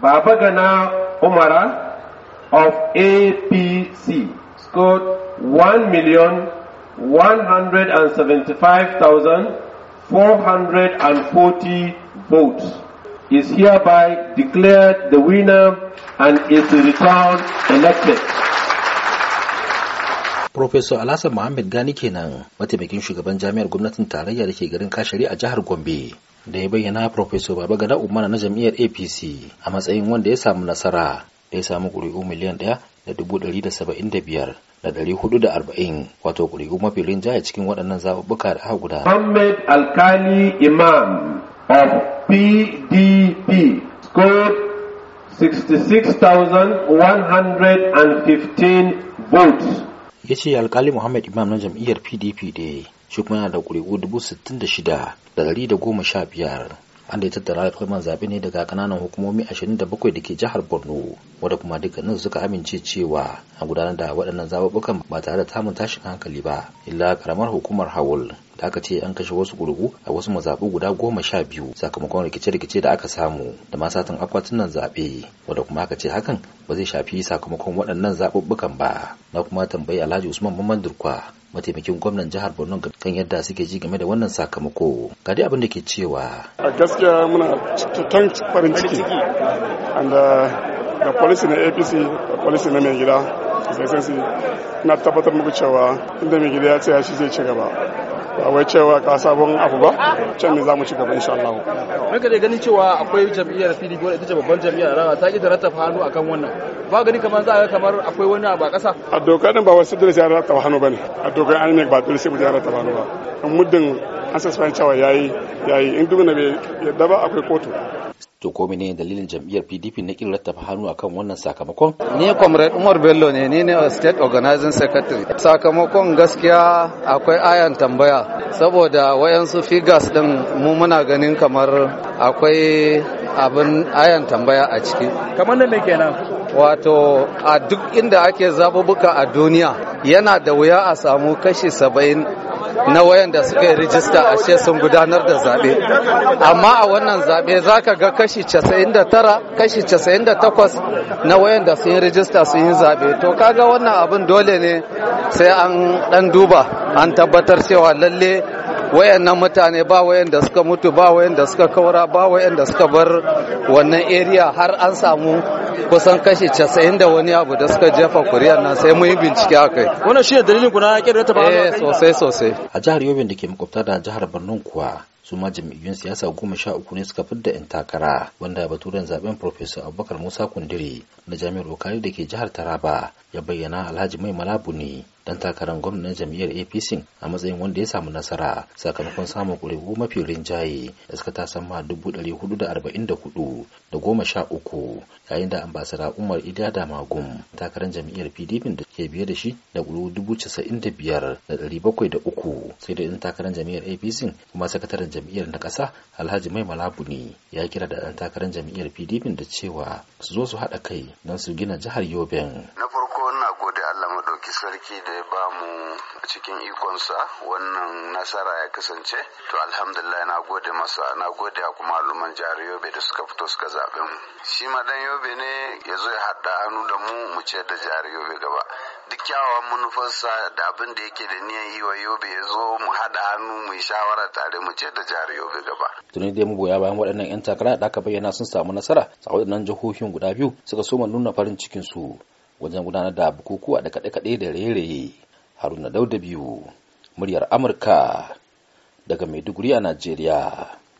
Baba Gana Umara of APC scored 1 million 175,440 votes is hereby declared the winner and is return elected. Profesor Alhassan Muhammad Gani kenan mataimakin shugaban jami'ar gwamnatin tarayya da ke garin Kashari a jihar Gombe. da ya bayyana Profesor Gada Umar na jam'iyyar APC a matsayin wanda ya samu nasara da ya samu ƙuri'u miliyan ɗaya da dubu ɗari da saba'in da biyar da ɗari hudu da arba'in wato ƙuri'u mafi rinjaye cikin waɗannan zaɓuɓɓuka da aka guda. Ahmed Alkali Imam of PDP scored 66,115 votes. Ya ce Alkali Muhammad Imam na jam'iyyar PDP da shi kuma yana da ƙuri'u dubu sittin da shida da da goma sha biyar an da ya tattara alkalman zaɓe ne daga kananan hukumomi 27 da ke jihar borno wadda kuma dukkanin suka amince cewa a gudanar da waɗannan zaɓuɓɓukan ba tare da tamun tashin hankali ba illa karamar hukumar hawul da aka ce an kashe wasu gurgu a wasu mazaɓu guda goma sha biyu sakamakon rikice-rikice da aka samu da ma satin akwatunan zaɓe wanda kuma aka ce hakan ba zai shafi sakamakon waɗannan zaɓuɓɓukan ba na kuma tambayi alhaji usman mamman durkwa mataimakin gwamnan jihar borno kan yadda suke ji game da wannan sakamako ga dai abin da ke cewa a gaskiya muna cikin farin ciki uh, da polisi na apc da polisi na mai gida sai na tabbatar muku cewa inda mai gida ya ce shi zai ci gaba ba wai cewa ka sabon abu ba can ne za mu ci gaba insha Allah ranka da ganin cewa akwai jam'iyyar PDP wadda ita ce babban jam'iyyar rawa ta kida rattafa hannu akan wannan ba gani kamar za a kamar akwai wani a ƙasa a dokar ba wasu dole sai rattafa hannu bane a dokar an ne ba dole sai mu rattafa hannu ba muddin an sasfan cewa yayi yayi in duk na bai yadda ba akwai kotu to ko ne dalilin jam'iyyar PDP na kin rattafa hannu akan wannan sakamakon ni comrade Umar Bello ne ni ne state organizing secretary sakamakon gaskiya akwai ayan tambaya saboda wayansu figures din mu muna ganin kamar akwai abin ayan tambaya a ciki kamar da me kenan wato a duk inda ake zaɓuɓɓuka a duniya yana da wuya a samu kashi saba'in na wayanda suka yi rijista ashe sun gudanar da zaɓe amma a wannan zaɓe za ka ga kashi 99 kashi 98 na wayanda sun yi rijista sun yi zaɓe to kaga wannan abin dole ne sai an ɗan duba an tabbatar cewa lalle wayannan mutane ba wayanda suka mutu ba wayanda suka kaura ba wayanda suka bar wannan area har an samu kusan kashi 90 da wani abu da suka jefa kuri'an nan sai mun yi bincike a kai wannan shi ne dalilin ku na kirkira ta ba eh sosai sosai a jihar yobe da ke makwabta da jihar borno kuwa su ma jam'iyyun siyasa goma sha uku ne suka fidda 'yan takara wanda baturen zaben Profesa abubakar musa kundiri na jami'ar okari da ke jihar taraba ya bayyana alhaji mai malabu ne dan takarar gwamna jam'iyyar apc a matsayin wanda ya samu nasara sakamakon samun ƙuri'u mafi rinjaye da suka ta ma dubu ɗari hudu da arba'in da hudu da goma sha uku yayin da ambasada umar idada magum takarar jam'iyyar pdp da ke biye da shi da ƙuri'u dubu casa'in da biyar da ɗari bakwai da uku sai da ɗan takarar jam'iyyar apc kuma sakataren jam'iyyar na ƙasa alhaji mai malabu ne ya kira da ɗan takarar jam'iyyar pdp da cewa su zo su haɗa kai don su gina jihar yoben ɗauki sarki da ya ba mu cikin ikonsa wannan nasara ya kasance to alhamdulillah na gode masa na gode kuma al'umman jihar yobe da suka fito suka zaɓe mu shi ma dan yobe ne ya zo ya haɗa hannu da mu mu ce da jihar yobe gaba duk kyawawan manufarsa da abin da yake da niyan yi wa yobe ya zo mu haɗa hannu mu yi shawara tare mu ce da jihar yobe gaba. tuni dai goya bayan waɗannan 'yan takara da aka bayyana sun samu nasara a waɗannan jihohin guda biyu suka soma nuna farin cikin su wajen gudanar da bukukuwa da kaɗe-kaɗe da raye-raye haruna dauda biyu muryar amurka daga maiduguri a najeriya